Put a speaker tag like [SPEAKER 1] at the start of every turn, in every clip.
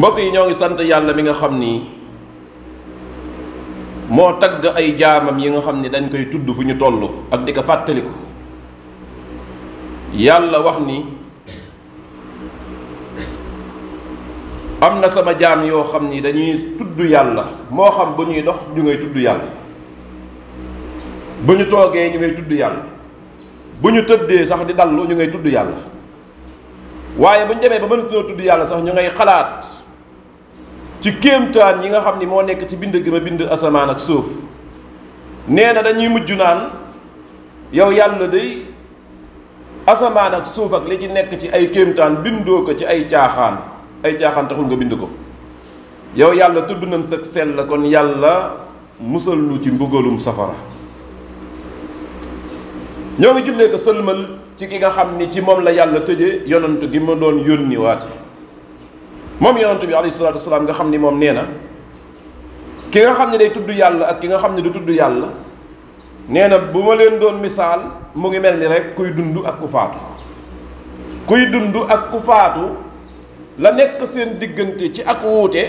[SPEAKER 1] mbokk yi ñoo ngi sant yàlla mi nga xam ni moo tagg ay jaamam yi nga xam ni dañ koy tudd fu ñu toll ak di ko fàttaliku yàlla wax ni am na sama jaam yoo xam ni dañuy tudd yàlla moo xam ba ñuy dox ñu ngay tudd yàlla bu ñu toogee ñu ngay tudd yàlla bu ñu tëddee sax di dallu ñu ngay tudd yàlla waaye bu ñu demee ba mënatoo tudd yàlla sax ñu ngay xalaat ci kéemtaan yi nga xam ni moo nekk ci bind gi ma bind asamaan ak suuf nee na dañuy mujj naan yow yàlla day asamaan ak suuf ak li ci nekk ci ay kéemtaan bindoo ko ci ay caaxaan ay caaxaan taxul nga bind ko yow yàlla tudd nañ sa sell la kon yàlla musal nu ci mbugalum safara ñoo ngi jullee ko sëlmal ci ki nga xam ni ci moom la yàlla tëje yonantu gi ma doon yónni waate moom yonent bi alayhi salatu wasalaam nga xam ni moom nee ki nga xam ne day tudd yàlla ak ki nga xam ne du tudd yàlla nee na bu ma leen mu ngi mel ni rek kuy dund ak ku faatu kuy dund ak ku faatu la nek seen diggante ci ak wuute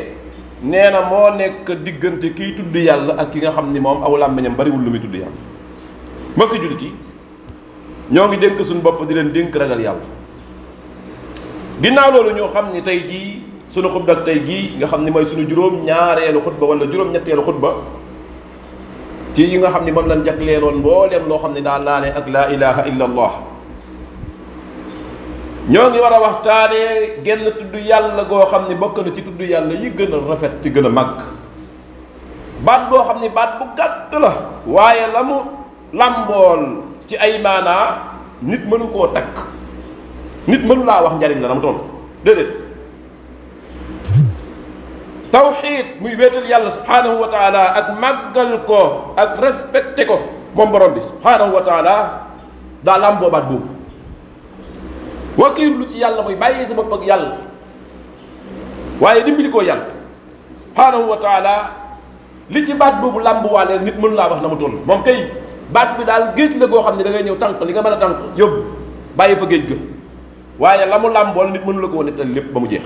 [SPEAKER 1] nee mo nek nekk diggante kiy tudd ak ki nga ni moom aw làmmiñam bariwul lu muy tudd yàlla mbokki jullit ñoo ngi dénk suñu bopp di leen dénk ragal yàlla ginnaaw ni tey sunu xutba ak tey gii nga xam ni mooy sunu juróom ñaareelu xutba wala juróom ñetteelu xutba ci yi nga xam ni moom lañ jagleeloon mbooleem loo xam ne daa laale ak laa ilaha illa allah ñoo ngi war a waxtaanee genn tudd yàlla goo xam ni bokk na ci tudd yàlla yi gën a rafet ci gën a mag baat boo xam ni baat bu gàtt la waaye la mu làmbool ci ay maanaa nit mënu koo takk nit mënu laa wax njariñ la na mu toll déedéet توحيد مي ويتال يالا سبحانه وتعالى اك ماغال كو اك ريسبكتي كو موم بروم بي سبحانه وتعالى دا لامبو بات بو وكير لوتي يالا موي بايي سما بوك يالا واي ديمبي ديكو يالا سبحانه وتعالى لي تي بات بوبو لامبو والي نيت مون لا واخ نامو تون موم كاي بات بي دال گيت لا گو خامني دا نيو تانك ليغا مانا تانك يوب بايي فا گيت گه waye lamu lambol nit mënu la ko netal lepp ba jeex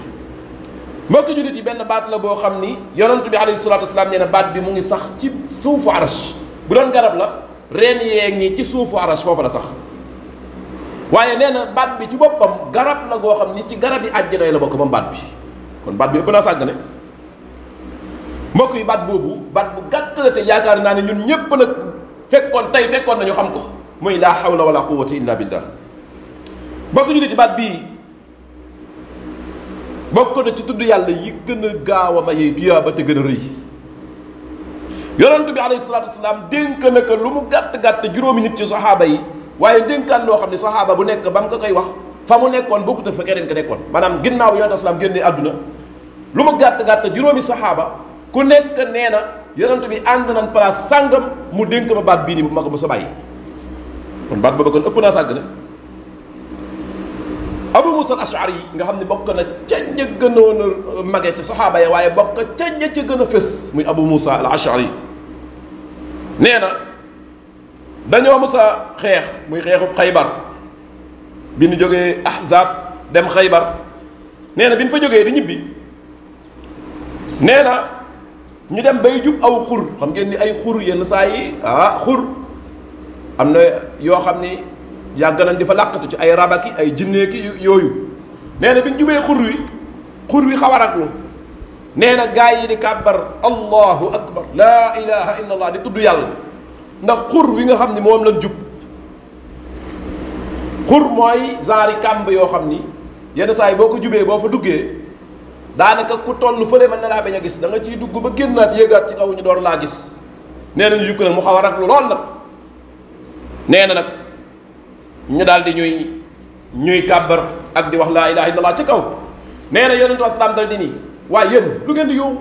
[SPEAKER 1] mbokk jullit yi benn baat la boo xam ni yonent bi alayhi salaatu wasalaam baat bi mu ngi sax ci suufu arash bu doon garab la reen yee ngi ci suufu arash foofu la sax waaye nee na baat bi ci boppam garab la goo xam ni ci garab yi àjjana la bokk moom baat bi kon baat bi ëpp naa sàgg ne baat boobu baat bu gàtt la te yaakaar naa ne ñun ñépp nag fekkoon tey fekkoon nañu xam ko muy laa hawla wala quwwata illa billah mbokk jullit yi baat bii bokk na ci tudd yàlla yi gën a gaaw a mayee tuyaaba te gën a rëy yonent bi alayhi salaatu wasalaam dénk na ko lu mu gàtt gàtt juróomi nit ci saxaaba yi waaye dénkaan loo xam ne saxaaba bu nekk ba mu ko koy wax fa mu nekkoon bokkut ak fa keneen ka nekkoon maanaam ginnaaw yonent asalaam génnee àdduna lu mu gàtt gàtt juróomi saxaaba ku nekk nee na yonent bi ànd nañ place sàngam mu dénk ma baat bii nii bu ma ko mos a bàyyi kon baat booba kon ëpp naa sàgg abu musa al ashari nga xam ne bokk na ca ña gënoon a euh, mage ca saxaaba ya waaye bokk ca ña ca gën a fés muy abu musa al ashari yi nee na dañoo mës a xeex muy xeexub xaybar bi ñu jógee ahzab dem xaybar nee na bi ñu fa jógee di ñibbi nee na ñu dem bay jub aw xur xam ngeen ni ay xur yenn saa yi ah, xur am na yoo xam ni yàgg nañ di fa làqatu ci ay rabaki ay jinnee ki yooyu nee na bi ñu jubee xur wi xur wi xaw a raglu nee na gaa yi di kàbbar allahu akbar laa ilaha illa allah di tudd yàlla ndax xur wi nga xam ni moom lañ jub xur mooy zaari kàmb yoo xam ni yenn saa yi boo ko jubee boo fa duggee daanaka ku toll fële mën na laa bañ a gis da nga ciy dugg ba génnaat yéegaat ci kaw ñu door laa gis nee nañu yukk nag mu xaw a raglu lool nag nee na nag ñu daal di ñuy ñuy ak di wax laa ilaha illallah ci kaw nee na yonentu asalaam dal di nii waaye yéen lu ngeen di yóoxu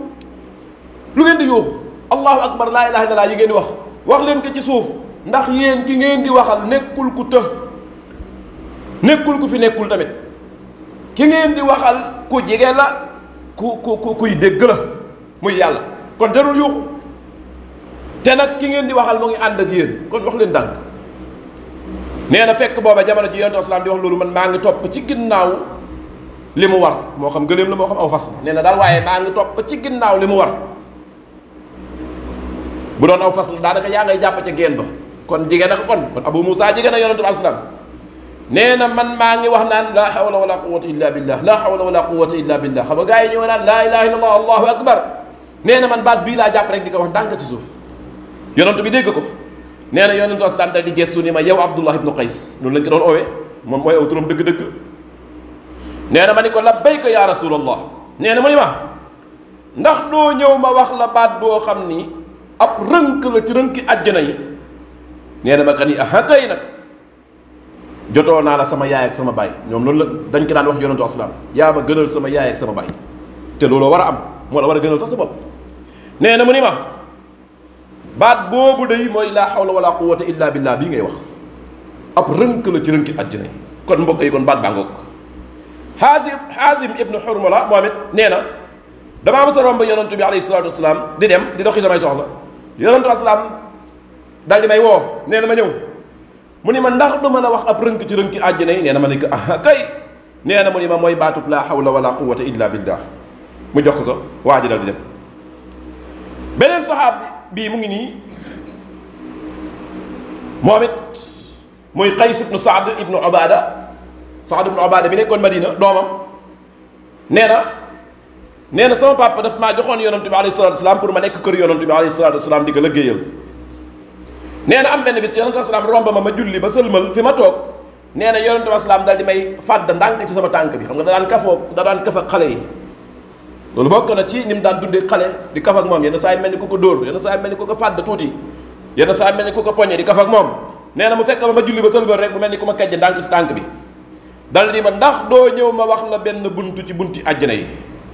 [SPEAKER 1] lu ngeen di yóoxu allahu akbar laa ilaha illallah yi ngeen di wax wax leen ko ci suuf ndax yéen ki ngeen di waxal nekkul ku nekkul ku fi nekkul tamit ki ngeen di waxal ku jige la ku ku kuy la muy kon jarul te ki ngeen di waxal ngi ak kon wax leen nee na fekk booba jamono ji yonent salaam di wax loolu man maa ngi topp ci ginnaaw li mu war moo xam gëléem la moo xam aw fas la nee na daal waaye maa ngi topp ci ginnaaw li mu war bu doon aw fas la daanaka yaa ngay jàpp ca genn ba kon jigéen ak on kon Abu Moussa jigéen ak yonent salaam nee na man maa ngi wax naan laa hawla wala quwwata illa billah laa hawla wala quwwata illa billah xam nga gars yi ñëw naan laa ilaha illallah allahu akbar nee na man baat bii laa jàpp rek ko wax ci suuf yonent bi dégg ko nee na yonentu asalaam dal di gestu ni ma yow abdullah ibnu Qais noonu lañ ko doon oowee moom mooy aw turam dëgg-dëgg nee na ma ni ko labbayka ya rasulallah nee na mu ni ma ndax doo ñëw ma wax la baat boo xam ni ab rënk la ci rënki àjjana yi nee ma ka ni aha kay nag la sama yaay ak sama baay ñoom loolu la dañ ko daan wax yonentu asalaam yaa ma gënal sama yaay ak sama baay te looloo war am moo la war a gënal sax sa bopp nee na ma baat boobu day mooy laa hawla wala quwwata illa billah bii ngay wax ab rënk la ci rënki àjjana kon mbokk yi kon baat baa ngoog xaasim xaasim ibnu xurmala moom it nee na dama am sa romb yonantu bi alayhi salaatu wasalaam di dem di doxi samay soxla yonantu wasalaam dal di may woo nee na ma ñëw mu ni ma ndax du mën a wax ab rënk ci rënki àjjana yi nee na ma ne ko ah kay nee na mu ni ma mooy baatub laa hawla wala quwwata illa billah mu jox ko ko waa di dem beneen bii mu ngi nii moom it muy qays ibnu saad ibnu obada saad ibnu obada bi nekkoon madina doomam nee na nee na sama papa daf maa joxoon yonantu bi alayhi salatu wasalaam pour ma nekk kër yonantu bi alayhi salatu wasalaam di ko lëggéeyal nee na am benn bis yonantu wasalaam romb ma ma julli ba sëlmal fi ma toog nee na yonantu wasalaam dal di may fàdd ndànk ci sama tànk bi xam nga da daan kafoo da daan kafa xale yi loolu bokk na ci ni mu daan dundee xale di kaf ak moom yenn saa yi mel ni ku ko dóor yenn saa yi mel ni ku ko fàdd tuuti yenn saa yi mel ni ku ko poñe di kaf ak moom nee na mu fekk ma ma julli ba sëlbër rek bu mel ni ku ma kejj ndànk ci tànk bi dal di ma ndax doo ñëw ma wax la benn buntu ci bunt bunti na yi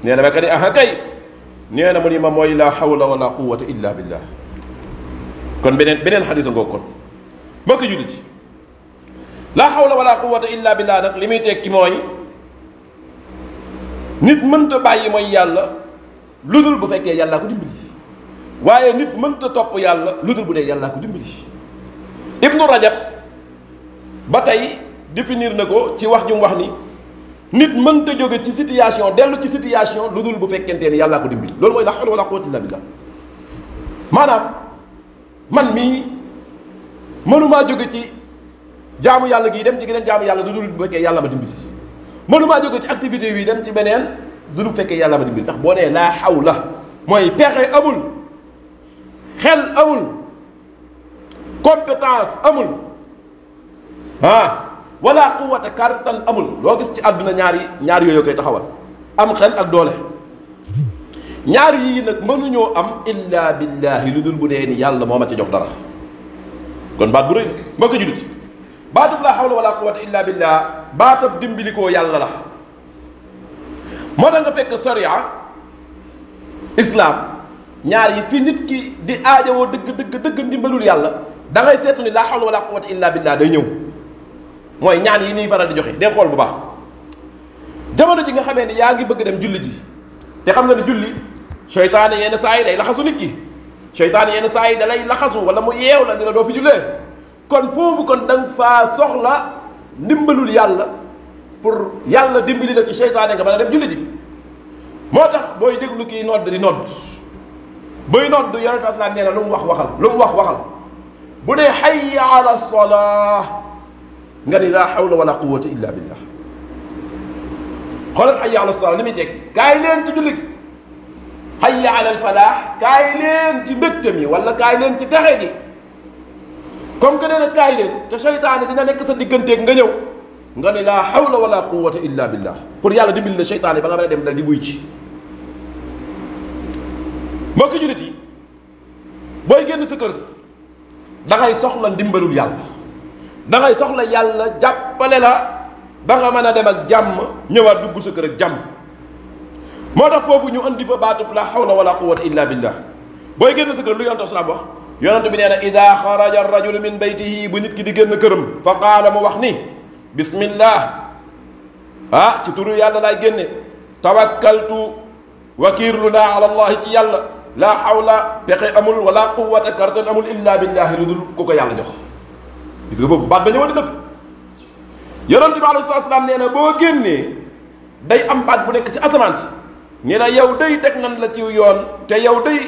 [SPEAKER 1] nee na ma kat aha kay nee na mu ni ma mooy laa hawla wala quwwata illa billah kon beneen beneen xadis a ngoo kon mbokk jullit ci laa wala quwwata illa billah nag li muy tekki mooy nit mënta bàyyi mooy yàlla lu dul bu fekkee yàllaa ko dimbali waaye nit mënta topp yàlla lu dul bu dee yàllaa ko dimbali ibnu rajab ba tey définir na ko ci wax ju mu wax ni nit mënta jóge ci situation dellu ci situation lu dul bu fekkente ni yàllaa ko dimbali loolu mooy la hawla wala quwwata illa billah maanaam man mii mënumaa jóge ci jaamu yàlla gii dem ci geneen jaamu yàlla lu dul bu fekkee yàlla ma dimbali mënumaa jóge ci activité bi dem ci benen du lu fekke yàlla ma dimbali tax bo ne la hawla moy pexe amul xel amul compétence amul ha wala quwwata kartan amul lo gis ci aduna ñaar yi ñaar yoyoy koy taxawal am xel ak doole ñaar yi nak nag ñoo am illa billahi ludul bu dee yàlla moma ci jox dara kon baat bu reuy ma ko julit baatu la hawla wala quwwata illa billah baatab dimbilikoo yàlla la moo tax nga fekk sariya islaam ñaar yi fi nit ki di woo dëgg dëgg dëgg ndimbalul yàlla da ngay seetu ni laa hawla wala quwwata illa billah day ñëw mooy ñaan yi ñuy faral di joxe dee xool bu baax jamono ji nga xamee ni yaa ngi bëgg dem julli ji te xam nga ne julli seytaane yenn saa yi day laxasu nit ki seytaane yenn saa yi lay laxasu wala mu yeew la ni la doo fi jullee kon foofu kon da nga faa soxla dimbalul yàlla pour yàlla dimbali la ci seytaane nga mën dem julli ji motax boy déglu ki nodd di nodd boy nodd yalla ta nee neena lum wax waxal lum wax waxal bu hayya ala salah nga ni laa hawla wala quwwata illa billah xoolal hayya ala salah limi tek kay len ci julli hayya ala al falah kay len ci mbégte wala kay len ci texe gi comme que nee na kaay leen te seytaane dina nekk sa digganteeg nga ñëw nga ne laa hawla wala quwwata illa billah pour yàlla dimbil la seytaane ba nga mën a dem dal di wuy ci mbokki booy génn sa kër da soxla ndimbalul yàlla da ngay soxla yàlla jàppale la ba mën a dem ak jàmm ñëwaat dugg sa kër ak jàmm moo tax foofu ñu andi fa baatub laa hawla wala quwwata illa lu yonent salaam wax yonent bi nee na ida xaraja rajulu min baytihi bu nit ki di génn këram fa qaala mu wax ni bismillah ah ci turu yàlla laay génne tawakkaltu wakiirlu naa ala allahi ci yàlla laa xawla pexe amul wala quwata kartan amul illa billahi lu dul ku ko yàlla jox gis nga foofu baat ba ñëwati na fi yonent bi alayhi salaatu salaam nee na boo génnee day am baat bu nekk ci asamaan si nee na yow day teg nan la ci yoon te yow day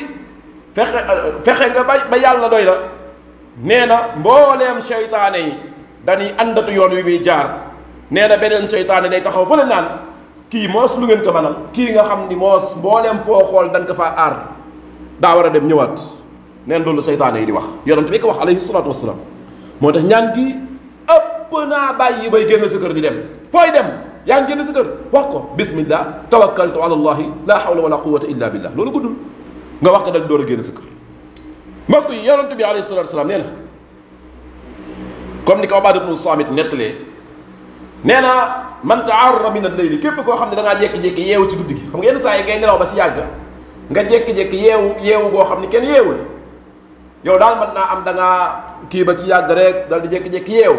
[SPEAKER 1] fexe fexe nga ba ba yàlla doy la nee na mbooleem seytaane yi dañuy àndatu yoon wi muy jaar nee na beneen seytaane day taxaw fële naan kii moos lu ngeen ko mënal kii nga xam ni moos mbooleem foo xool dañ ko faa aar daa war a dem ñëwaat nee loolu seytaane yi di wax yonent bi ko wax alayhi salaatu wasalaam moo tax ñaan kii ëpp naa bàyyi bay génn sa kër di dem fooy dem yaa ngi génn sa kër wax ko bismillah tawakkaltu ala allahi la hawla wala quwwata illa billah loolu guddul nga wax ko dal door a génn sa kër mbokk yi yonent bi alayhi salaatu salaam nee na comme ni ko nee na man ta'arrada min al képp koo xam ne da ngaa jékki-jékki yeewu ci guddi gi xam nga yenn saa yi ngay nelaw ba si yàgg nga jékki-jékki yeewu yeewu goo xam ne kenn yeewul yow daal mën naa am danga kii ba ci yàgg rek dal di jékki-jékki yeewu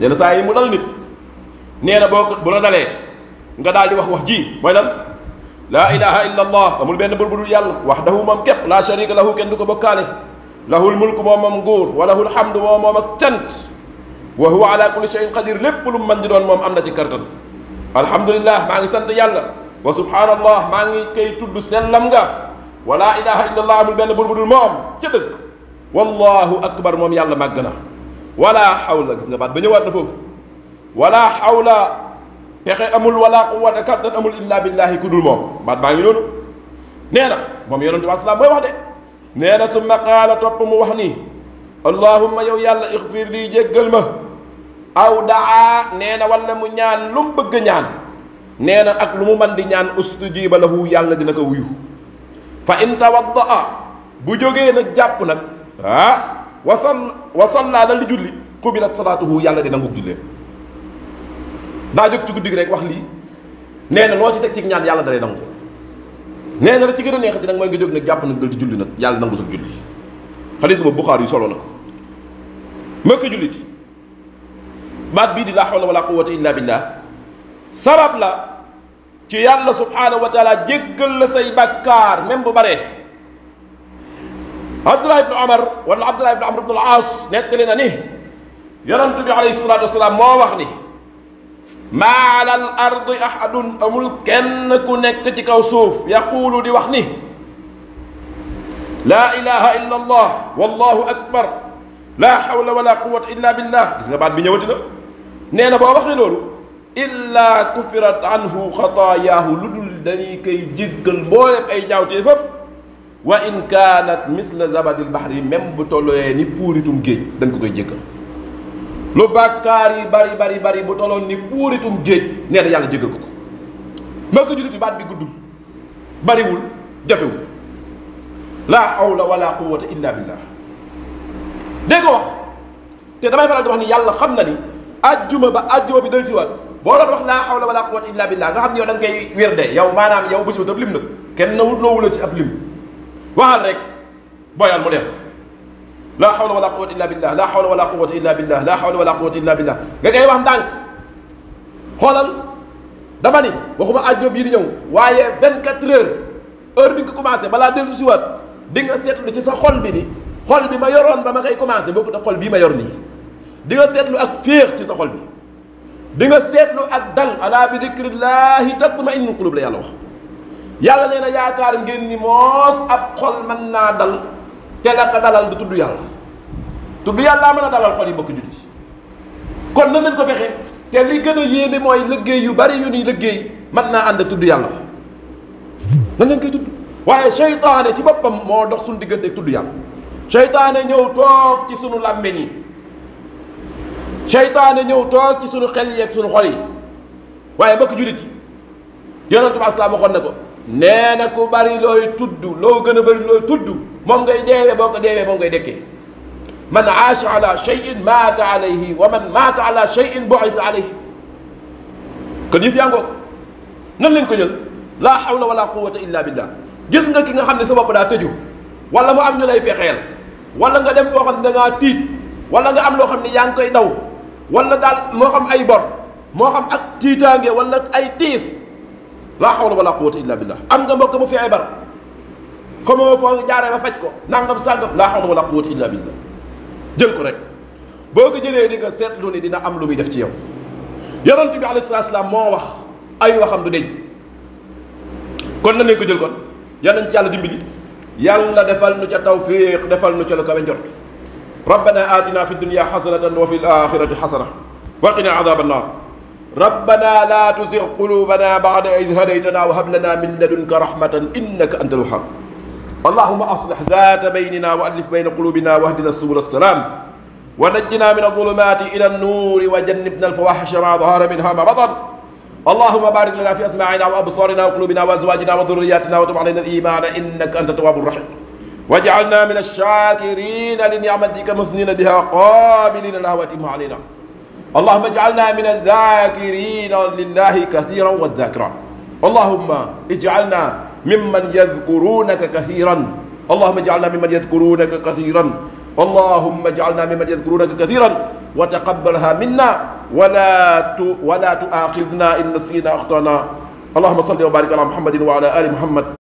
[SPEAKER 1] yenn saa yi mu dal nit nee na boo bu la dalee nga daal di wax wax ji mooy lan. la ilaha illallah amul benn bur bu dul yàlla wahdahu moom képp la sharika lahu kenn du ko bokkaale lahul mulk moom moom nguur wa lahul hamdu moom moom ak cant wa huwa ala kulli shay'in qadir lépp lu mën di doon moom am na ci kartan alhamdulillah maa ngi sant yàlla wa subhanallah maa ngi koy tudd sellam nga wa la ilaha illallah amul benn bur bu dul moom ca dëgg wallahu akbar moom yàlla màgg na wala hawla gis nga baat ba ñëwaat na foofu wala hawla pexe amul wala quwwata kattan amul illa billahi kudul mom bat baat baa neena mom nee na moom yonente bi asalaam wax de neena na summa top mu wax ni allahumma yaw yàlla ighfir li jegal ma aw daa neena wala mu ñaan lu mu bëgg ñaan neena ak lu mu man di ñaan ustujiba lahu yàlla dina ko wuyu fa in tawaddaa bu joge nag jàpp nak ah wasal wasallaa na li julli qubilat salatuhu yàlla dina ngug julle daa cukup ci guddi gi rek wax lii nee na loo ci teg ci ñaan yàlla dalay nangu nee na la ci gën neexati nag mooy nga jóg nag jàpp nag dal di julli nag yàlla nangu sa julli xalis ma buxaar solo di wala quwwata illa billah sabab la ci yàlla subhanahu wa taala jéggal la say bakkaar même bu baree abdullah ibn Umar. wala abdullah ibn amr ibn al as nettali na ni yonantu bi alayhi salatu wasalaam moo wax ni ما على الارض احد امول كن كنك تي كوسوف يقول دي وخني لا اله الا الله والله اكبر لا حول ولا قوه الا بالله غيس نغا بعد بي نيوتي دو نينا بو وخني لولو الا كفرت عنه خطاياه لدول داني كي جيغل مبولم اي جاوتي فاب وان كانت مثل زبد البحر ميم بو تولوي ني بوريتوم جيج دنج كوكاي جيغل lu bàkkaar yi bari bari bari bu toloon ni puuritum géej nee na yàlla jégal ko ko mbokk jullit bi baat bi guddul bariwul jafewul laa la wala quwwata illa billah dégg wax te damay faral di wax ni yàlla xam na ni ajjuma ba ajjuma bi si siwaat boo doon wax laa la wala quwwata illa billah nga xam ne yow da nga koy wérde yow maanaam yow bés ba daf lim nag kenn na wut loo wula ci ab lim waxal rek boyal mu dem لا حول ولا قوة إلا بالله لا حول ولا قوة إلا بالله لا حول ولا قوة إلا بالله غادي يوخ دانك خولال داما ني واخوما اديو بي ني وايي 24 هور هور بي كوماسي بلا ديل سي وات ديغا سيتلو سي سا خول بي ني خول بي ما يورون با ما كاي كوماسي بوكو دا خول بي ما يورني ديغا سيتلو اك فيخ سي سا على بذكر الله تطمئن القلوب لا يالله يالله نينا ياكار نين ني موس اب خول من نا te da nga dalal du tudd yàlla tudd yàllaa mën a dalal xol yi mbokk jullit yi kon nan lañ ko fexe te li gën a yéeme mooy liggéey yu bari yu ñuy liggéey mën naa ànd ak tudd yàlla nan lañ koy tudd waaye seytaane ci boppam moo dox suñu diggante ak tudd yàlla seytaane ñëw toog ci sunu làmmeñ yi seytaane ñëw toog ci suñu xel yi ak sunu xol yi waaye mbokk jullit yi yonentu bi aslaam waxoon ko nee na ku bari looy tudd loo gën a bari looy tudd moom ngay deewee boo ko deewee moom ngay dëkkee man aasha ala cheyin maata alayhi wa man maata ala cheyin boita alayhi kon yëf yaa ngoog nan leen ko jël laa hawla wala quwata illa billah gis nga ki nga xamne sa bop da tëju wala mu am ñu lay fexel wala nga dem ko xamne da nga tiit wala nga am lo xamne yang koy daw wala dal mo xam ay bor mo xam ak tiitaange wala ay tiis la hawla wala quwwata illa billah am nga mbokk mu fi ay bar xamoo foo jaaree ba faj ko nangam sàngam laa xawla wala quwwata illa billah jël ko rek boo ko jëlee di nga seetlu ni dina am lu muy def ci yow yonent bi alayhi salatu salaam moo wax ay waxam du deñ kon nan lañ ko jël kon yal nañ ci yàlla dimbali yàlla defal nu ca tawfiq defal nu ca lu kawe njort ربنا آتنا في الدنيا حسنة وفي الآخرة حسنة وقنا عذاب النار ربنا لا تزغ قلوبنا بعد إذ هديتنا وهب لنا من لدنك رحمة إنك أنت الوهاب اللهم أصلح ذات بيننا وألف بين قلوبنا واهدنا سبل السلام ونجنا من الظلمات إلى النور وجنبنا الفواحش ما ظهر منها ما بطن اللهم بارك لنا في أسماعنا وأبصارنا وقلوبنا وأزواجنا وذرياتنا وتب علينا الإيمان إنك أنت التواب الرحيم واجعلنا من الشاكرين لنعمتك مثنين بها قابلين لها واتمها علينا اللهم اجعلنا من الذاكرين لله كثيرا والذاكرات اللهم اجعلنا ممن يذكرونك كثيرا اللهم اجعلنا ممن يذكرونك كثيرا اللهم اجعلنا ممن يذكرونك كثيرا وتقبلها منا ولا ولا تؤاخذنا ان نسينا اخطانا اللهم صل وبارك على محمد وعلى ال محمد